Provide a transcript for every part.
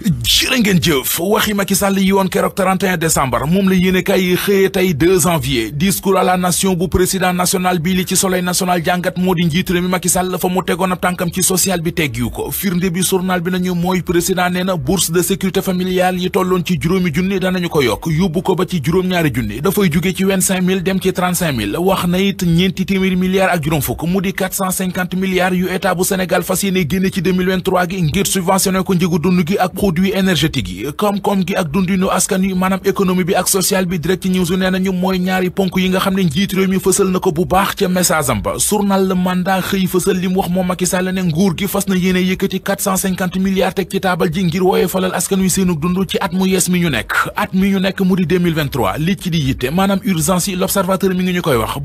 jërë ngeen jëf waxi Macky Sall yi woon keroog 31 moom la yéene kay xëyee tey 2 janvier discours à la nation bu président national bi li ci soleil national jàngat moo di njiitu réew mi Macky Sall fa mu tegoon ab tànkam ci social bi teggiwu ko firnde bi journal bi nañu mooy président nee na bourse de sécurité familiale yi tolloon ci juróomi junni danañu ko yokk yóbbu ko ba ci juróom-ñaari junni dafay jóge ci 25000 dem ci 35000 wax na it ñeenti téeméeri milliards ak juróom fukk mu di 450 milliards dund produit énergétique yi koom-koom gi ak dundinu askan wi maanaam économie bi ak sociale bi direct news nee nañu mooy ñaari ponk yi nga xam ne njiit mi fësal na ko bu baax ca message ba journal le mandat xëy fësal li wax moom Macky Sall ne nguur gi fas na yéene yëkkati 450 teg ci taabal ji ngir wooyee falal askan wi seenu dund ci at mu yees mi ñu nekk at mi ñu nekk mu di li ci di yitte maanaam urgence l'observateur mi ngi ñu koy wax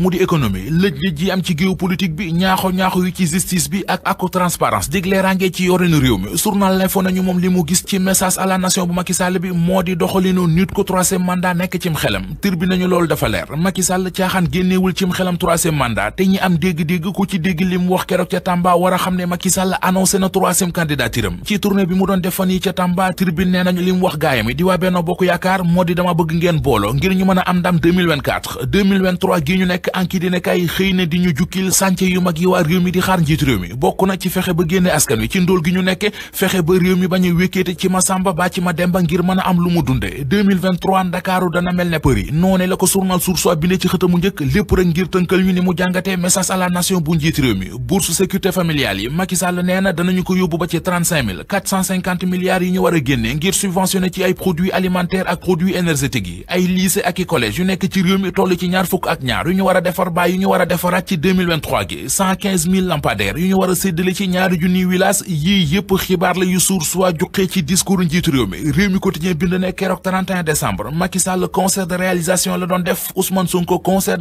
boole économie lëj-lëj yi am ci géopolitique bi ñaaxo-ñaaxo yu ci justice bi ak aku transparence dig leeraange ci yorinu réew mi journal l'info nañu moom li mu gis ci message à la nation bu Macky bi moo di doxalinu nit ko troisième nekk cim xelam tur nañu loolu dafa leer Macky caaxaan génneewul cim xelam troisième te ñi am dégg-dégg ku ci dégg li mu wax keroog ca Tamba war a xam ne Macky Sall annoncé na troisième candidature ci tournée bi mu doon def yi ca Tamba ki dina kay xëy na di ñu jukkil sànce yu mag yi waa réew mi di xaar njiit réew mi bokk na ci fexe ba génne askan wi ci ndóol gi ñu nekke fexe ba réew mi bañ a wékkeete ci ma sàmba ba ci ma demba ngir mën a am lu mu dunde 2023 ndakaaru dana mel ne Paris noone la ko journal Source A bi ne ci xëtamu njëkk lépp rek ngir tënkal ñu ni mu jàngatee message à la nation bu njiit réew mi bourse sécurité familiale yi Macky Sall nee na danañu ko yóbbu ba ci 35 450 milliards yi ñu i collège yu nekk ci réew ci ñaar fukk ak ñaar yu ñu war a defar baay yu ñu war a defaraat ci gi 115000 yu ñu war a ci ñaari junniy wilaas yii yëpp xibaar la yu suur soit juqee ci discours njiitu réew mi réew mi quotidien bind ne keroog 31 décembre Macky Sall concert de la doon def Ousmane Sonko concert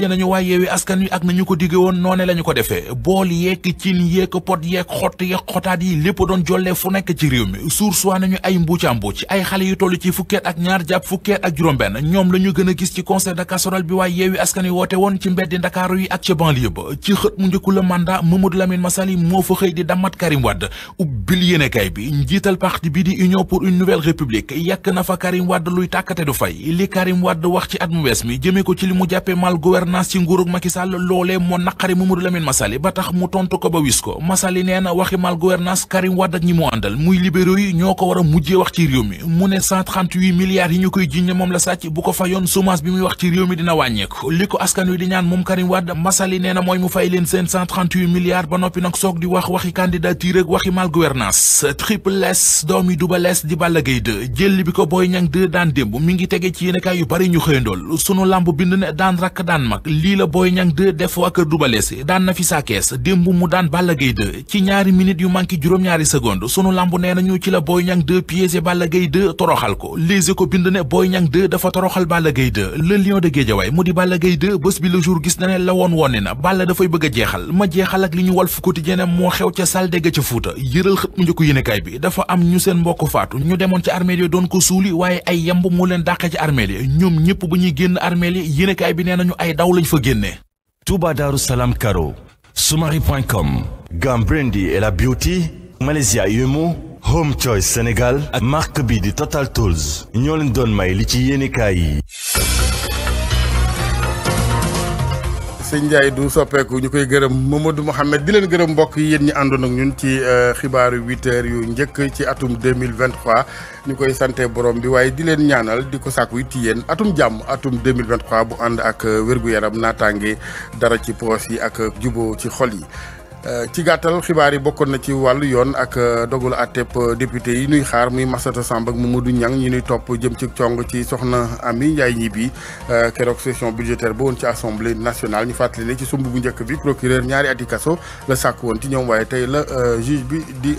nañu waaye yeewi askan wi ak nañu ko digge woon noone la ko defee bool yeek cin yeek pot yeek xott yeek xotaat yi lépp doon jollee fu nekk ci réew mi suur soit nañu ay mbuuca mbuuc ay xale yu toll ci fukkeet bi waay yeewi askan wi woote woon ci mbeddi ndakaaru yi ak ca banlieue ba ci xët mu njëkku la mandat Mamadou Lamine Massaly moo fa xëy di dammat Karim Wade ubbil yéenekaay bi njiital parti bi di union pour une nouvelle république yàq na fa Karim Wade luy tàkkate du fay li Karim Wade wax ci at mu wees mi jëmee ko ci li mu jàppe mal gouvernance ci nguurug Macky Sall loolee moo naqari Mamadou Lamine Massaly ba tax mu tontu ko ba wis ko Massaly nee na waxi mal gouvernance wàññeeku li ko askan wi di ñaan moom Karim Wade Massaly nee na mooy mu fay leen seen ba noppi nag soog di wax waxi candidature waxi mal gouvernance triple S doomi Double Less di Balla Gaye 2 jëlli bi ko Boy Niang 2 daan démb mi ngi tege ci yéenekaay yu bari ñu xëyandool sunu lamb bind ne daan rakk daan mag lii la Boy Niang 2 def waa kër Double Less daan na fi saakees démb mu daan Balla Gaye 2 ci ñaari minutes yu manqué juróom-ñaari seconde sunu lamb mu di Balla Gaye 2 bés bi le jour gis na ne la woon woon na Balla dafay bëgg a jeexal ma jeexal ak li ñu Walf Quotidien moo xew ca salde ga ca Fuuta yëral xët mu njëkk yéenekaay bi dafa am ñu seen mbokk faatu ñu demoon ci armeel yi doon ko suuli waaye ay yamb mu leen dàqe ci armeel yi ñoom ñëpp bu ñuy génn armeel yi yéenekaay bi nee nañu ay daw lañu fa génnee Touba Darou Salam Karo Soumari.com Gambrendi et la Beauty Malaysia Yumo Home Choice Sénégal ak marque bi di Total Tools ñoo leen doon may ci yéenekaay yi sëñ Ndiaye du soppeeku ñu koy gërëm Mamadou Mouhamed di leen gërëm mbokk yi yéen ñi àndoon ak ñun ci euh, xibaaru huit heures yu njëkk ci atum deux mille vingt trois ñu koy sante borom bi waaye di leen ñaanal di ko sàkku it yéen atum jàmm atum deux mille vingt trois bu ànd ak euh, wér gu yaram naataange dara ci poos yi ak jubo ci xol yi. Euh, ci gàttal xibaar yi bokkoon na ci wàllu yoon ak euh, dogalu àtteep euh, député yi nuy xaar muy Massata Samb ak du Niang ñi nuy topp jëm ci cong ci soxna Ami Ndiaye Gniby keroog session budgétaire ba woon ci assemblée nationale ñu fàttali ne ci sumb bu njëkk bi procureur ñaari ati kaso la sàkk woon ci ñoom waaye tey la juge bi di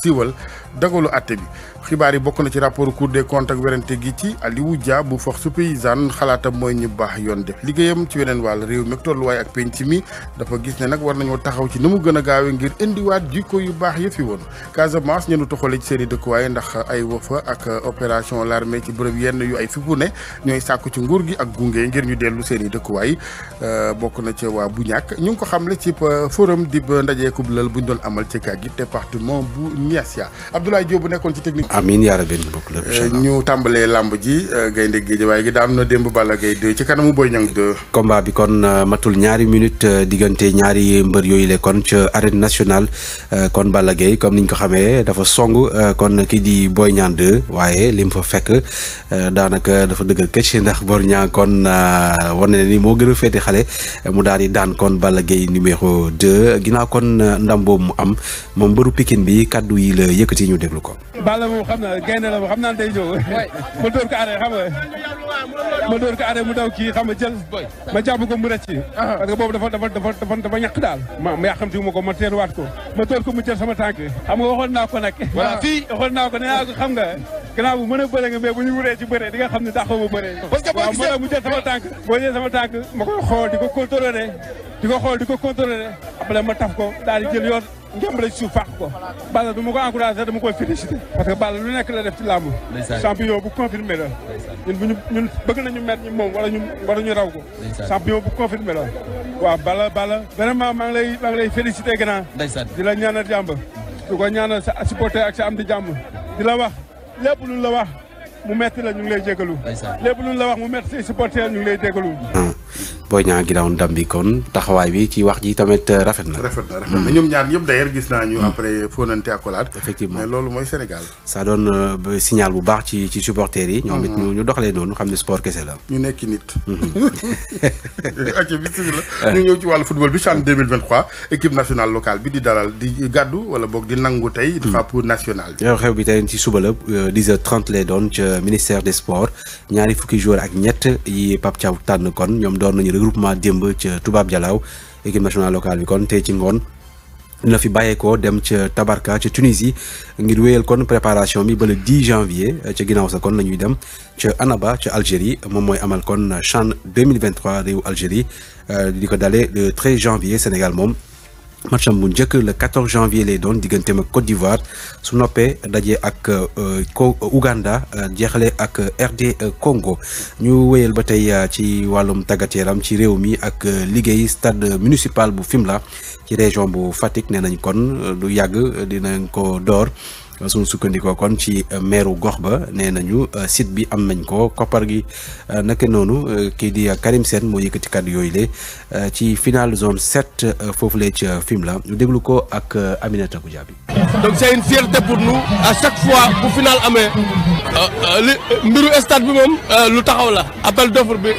siiwal dagalu àtte bi xibaar yi bokk na ci rapport cour de comptes ak werante gi ci aliwu Dia bu force paysanne xalaatam mooy ñu baax yoon def liggéeyam ci weneen wàll réew mi tolluwaay ak penc mi dafa gis ne nag war nañoo taxaw ci ni mu gën a gaawe ngir indiwaat jikko yu baax ya fi woon Casamance ñenu toxale ci seen i dëkkuwaay ndax ay wafa ak opération l'armée ci bërëb yenn yu ay fippu ne ñooy sàkku ci nguur gi ak gunge ngir ñu dellu seen i dëkkuwaay euh, bokk na ci waa bu ñàkk ñu ngi ko xamle ci euh, forum dib ndajeekub lal buñ doon amal ci Kagit département bu Niassia Abdoulaye Diop bu nekkoon ci technique. amiin yaa rabbi bokk lépp euh, ñu tàmbalee làmb ji euh, gaynde gi waaye gi daam na démb Balla Gaye 2 ci kanamu Boy Niang 2. combat bi kon euh, matul ñaari minute diggante ñaari mbër yooyu le kon ca arène nationale kon Balla Gaye comme ni ko xamee dafa song kon kii di Boy Niang 2 waaye li mu fa fekk daanaka dafa dëggal këcc ndax Boy Niang kon wane na ni moo gën a féete xale mu daal di daan kon Balla Gaye numéro 2 ginnaaw kon ndam mu am moom ñu déglu ko. Balla moom xam na gaynde la moom xam naa day ñëw. ma dóor ko arrêté xam nga ma dóor ko arrêté mu daw kii xam nga jël. ma jàpp ko mu rëcc. Ah. parce que boobu dafa dafa dafa daal. ma ma yàqamti ma ko ma ko. ma dóor ko mu jël sama tànk xam nga naa ko nag. voilà xam nga. gannaaw bu mën a nga mais bu ñu wuree ci bëre di xam ne dàqoo ma ma koy ma taf ko daal jël yoon ngémb la ci suuf fàq ko Balla du ma ko encouragé dama koy parce que Balla lu nekk la def ci làmb champion bu confirmé la ñun bu ñu ñun bëgg nañu met ñu moom wala ñu raw ko champion bu confirmé la waaw Balla Balla vraiment maa ngi lay maa di la ñaanal jàmb du ko ñaanal sa supporter ak sa am di jàmb di la wax lépp lu la wax mu metti la ñu ngi lay jégalu Boy Niang gi daawoon ndam bi kon taxawaay bi ci wax ji tamit uh, rafet na. rafet na rafet hmm. ñoom ñaar ñëpp d'ailleurs gis naa ñu hmm. après fóonante accolade. effectivement mais loolu mooy Sénégal. ça donne euh, signal bu baax ci ci supporters yi. ñoom it hmm. ñu ñu doxalee noonu xam ne sport kese la. ñu nekk nit. ok bisimilah. ñu ñëw ci wàllu football bi CHAN 2023 équipe nationale locale bi di dalal di gàddu wala boog di nangu tey. drapeau national bi. xew bi tey ci suba la 10h30 euh, lay doon ca ministère de sports ñaari fukki joueurs ak ñett yi Pape Thiaw ñoom doon nañu groupement démb ca tubaab Dialaw équipe nationale locale bi kon tey ci ngoon dina fi bàyyeekoo dem ca Tabarka ca Tunisie ngir wéyal kon préparation bi ba le 10 janvier ca ginnaaw sa kon la ñuy dem ca Annaba ca Algérie moom mooy amal kon CHAN 2023 réewu Algérie euh, di ko dalee le 13 janvier Sénégal moom. matcham bu njëkk le 14 janvier lay doon digganteem ak Côte d'Ivoire su noppee dajee ak euh, euh, Ouganda euh, jeexale ak RD Congo ñu wéyal ba tey ci wàllum tàggat yaram ci réew mi ak liggéey stade municipal bu Fimela ci région bu Fatick nee nañ kon du yàgg dinañ ko door. suñu sukkandikoo kon ci euh, meeru gox ba ne nañu euh, site bi am nañ ko koppar gi euh, naka noonu kii di Karim Sène moo yëkkati kàddu yooyu le ci finale zone sept foofu la ca la ñu déglu ko ak Aminata Goudiaby. donc c'est une fierté pour nous à chaque fois bu final amee li mbiru stade bi moom lu taxaw la appel d'offre bi.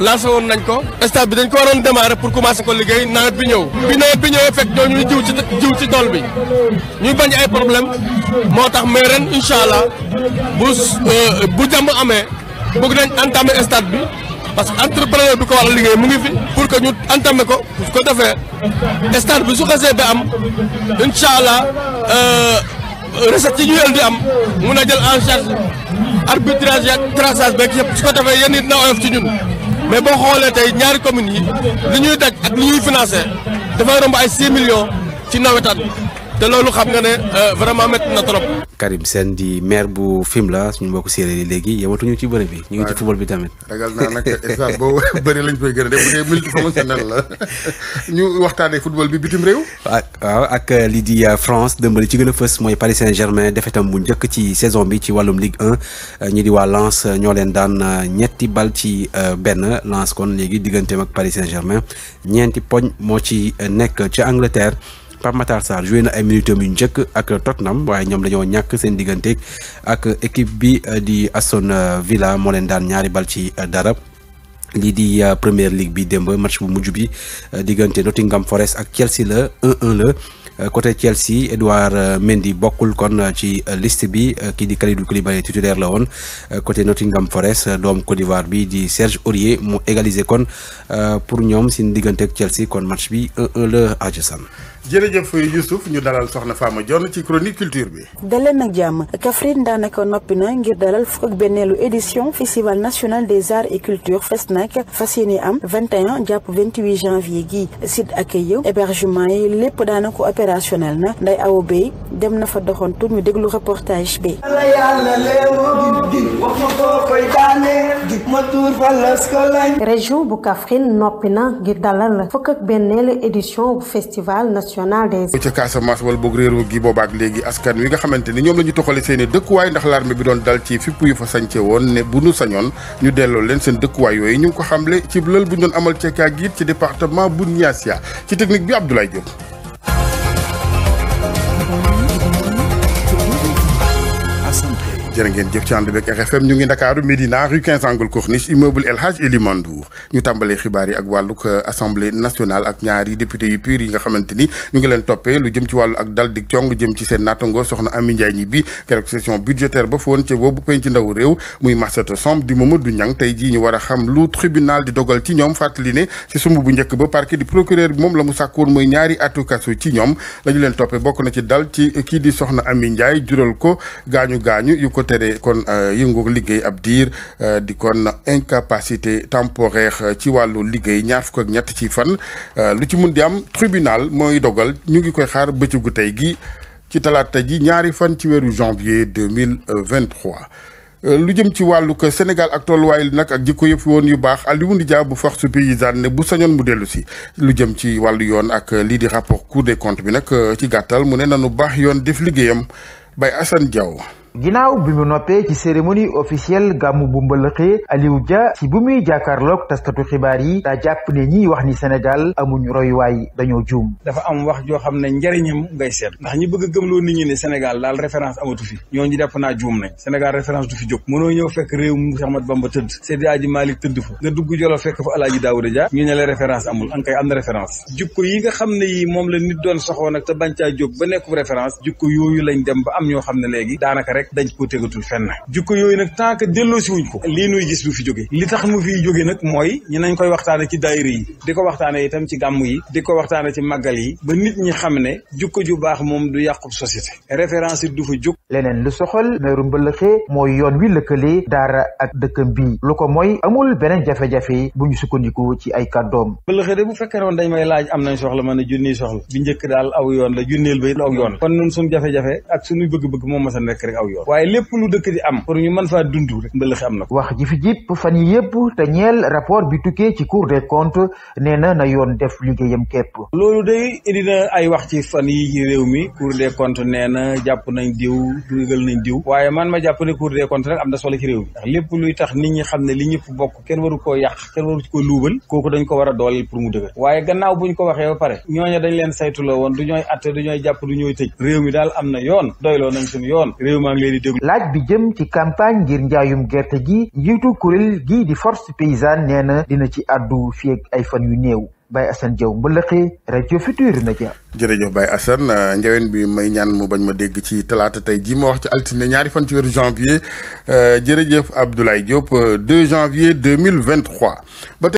lancé woon nañ ko stade bi dañ ko waroon démarrer pour commencer ko liggéey nawet bi ñëw bi nawet bi ñëwee fekk ñoo ñuy jiw ci jiw ci tool bi ñu bañ ay problème moo tax mais ren incha allah bu euh, bu jàmm amee bëgg nañ entamer stade bi parce que entrepreneur bi ko war a liggéey mu ngi fi pour que ñu entamer ko su ko defee stade bi su xasee ba am incha allah euh, recette yi ñu yël am mun a jël en charge arbitrage ak traçage beeg yëpp su ko defee yéen it na oyof ci ñun. mais boo xoolee tey ñaari communes yi li ñuy daj ak li ñuy financé dafay romb ay 6 millions ci nawetaan te loolu xam nga ne euh, vraiment métti na trop. Karim seen di maire bu Fimela suñu mbokku séeréer yi léegi yematuñu ci bëri bi. ñu ngi ci football bi tamit. ragal naa nag instant bëri lañ koy gën a def la ñu waxtaanee football bi bitim réew. Ah, waaw ak euh, lii di euh, France dëmbali ci gën a fës mooy Paris Saint-Germain defetam bu njëkk ci saison bi ci wàllum Ligue 1 ñi di waa lance ñoo leen daan ñetti bal ci benn lance kon léegi digganteem ak Paris Saint-Germain ñeenti poñ moo ci nekk ci Angleterre. Pape Matar Sarr joué na ay minutes yu njëkk ak Tottenham waaye ñoom dañoo ñàkk seen diggante ak équipe bi di asson Villa moo leen daan ñaari bal ci dara. lii di euh, première ligue bi démb match bu mujj bi euh, diggante Nottingham Forest ak Chelsea la 1-1 la. Euh, côté Chelsea Edouard Mendy bokkul kon ci liste bi kii di Kalidou Koulibaly titulaire la woon côté Nottingham Forest doomu Côte d'Ivoire bi di Serge Aurier mu égaliser kon pour ñoom seen diggante ak Chelsea kon match bi 1-1 jërëjëf Youssouf ñu dalal soxna Fama Dione ci chronique culture bi. daleen nag jàmm Kaffrine daanaka noppi na ngir dalal fukk ak benneelu édition festival national des arts et culture FESNAC fas yéene am 21 jàpp 28 janvier gii site accueil hébergement yi lépp daanaka opérationnel na nday awo bay dem na fa doxantu ñu déglu reportage bi. région bu Kaffrine noppi na ngir dalal fukk ak benneelu édition bu festival national des. ca Casamance wala boog réeróo gi boobaak léegi askan wi nga xamante ni ñoom la ñu toxale seeni i dëkkuwaay ndax l'armée bi doon dal ci fipp yu fa sañce woon ne bu nu sañoon ñu delloo leen seen dëkkuwaay yooyu ñu ngi ko xamle ci lël bu ñu doon amal cekkaag it ci département bu Niassia ci technique bi Abdoulaye jot jërë ngeen jëf ci ànd beeg RFM ñu ngi ndakaaru Médina rue 15 angle Corniche immeuble El Hadj Eli Mandour ñu tàmbalee xibaar ak wàllug euh, assemblée nationale ak ñaari député yu PUR nga xamante ñu ngi leen toppee lu jëm ci wàllu ak dal di cong jëm ci seen nattango soxna Ami Ndiaye keroog session budgétaire ba foon ca boobu penc ndaw réew muy Massata Samb di Mamadou Niang tey jii ñu xam lu tribunal di dogal ci ñoom fàttali ne ci sumb bu njëkk ba parquet tere kon euh, yëngoog liggéey ab diir euh, di kon incapacité temporaire euh, ci wàllu liggéey ñaar fukk ak ñett ci fan lu ci mun di am tribunal mooy dogal ñu ngi koy xaar bëccëgu tey gi ci talaata ji ñaari fan ci weeru janvier 2023 lu jëm ci wàllu que Sénégal ak tolluwaay li nag ak jikko yëpp woon yu baax Alioune Dia bu force paysanne ne bu sañoon mu dellu si lu jëm ci wàllu yoon ak lii di rapport Cour des comptes bi nag ci gàttal mu ne na nanu baax yoon def liggéeyam bay Assane Diaw ginnaaw bi mu noppee ci cérémonie officielle gàmmu bu mbëlëxee Aliou Dia ci bu muy jàkkaarloog taskatu xibaar yi daa jàpp ne ñiy wax ni Sénégal amuñ roywaay dañoo juum dafa am wax joo xam ne njariñam ngay seet ndax ñi bëgg gëmloo ni ñi ne Sénégal daal référence amatu fi ñooñu jàpp naa juum nañ Sénégal référence du fi jóg mënoo ñëw fekk réew mu Cheikh Ahmadou Bamba tëdd Seydi Hadji Malick tëdd fa nga dugg Jolof fekk fa Alaaji Daawuda Dia ñu ne la référence amul an kay am yi nga xam ne yi doon soxoo nag te bañ caa jóg ba nekku référence lañ dem ba am ñoo xam ne léegi daanaka rek dañ ko tegatul fenn jukko yooyu nag tant que delloo si wuñ ko lii nuy gis du fi jóge li tax mu fiy jóge nag mooy ñi nañ koy waxtaane ci daayira yi di ko waxtaane itam ci gàmm yi di ko waxtaane ci màggal yi ba nit ñi xam ne jukko ju baax moom du yàqub société référence yi du fa jóg leneen lu soxal meeru Mbëlëxe mooy yoon wi lëkkale daara ak dëkkam bi lu ko mooy amul beneen jafe-jafe bu ñu sukkandiku ci ay kàddoom Mbëlëxe de bu fekkee woon dañ may laaj am nañ a junniy soxla bi njëkk daal aw yoon la junneel ba aw yoon kon nun suñu jafe-jafe ak suñu bëgg-bëgg moom mas a nekk yoon waaye lépp lu dëkk di am pour ñu mën faa dund rek mbëlëxe am na ko wax ji jip fan yi yëpp te rapport bi tukkee ci cour des comptes nee na yoon def liggéeyam képp loolu day indi ay wax ci fan yi ci réew mi cour des comptes nee jàpp nañ diw waaye man ma jàpp ne cour des comptes rek am na solo ci réew mi ndax lépp luy tax nit xam ne li ñëpp bokk kenn waru koo yàq kenn waru ko luubal kooku dañ ko war a dooleel pour mu dëgër waaye gannaaw buñ ko waxee ba pare ñooña dañ leen saytuloo ngi leen di laaj bi jëm ci campagne ngir njaayum gerte gi njiitu kuréel gii di force paysanne nee na dina ci àddu fii ak ay fan yu néew. Baye Assane Diaw Mbëlëxee rajo Futur Media. jërëjëf Baye Assane euh, njaween bi may ñaan mu bañ ma dégg ci talaata tey jii ma wax ci altine ñaari fan ci weeru janvier euh, jërëjëf Abdoulaye Diop 2 euh, janvier 2023.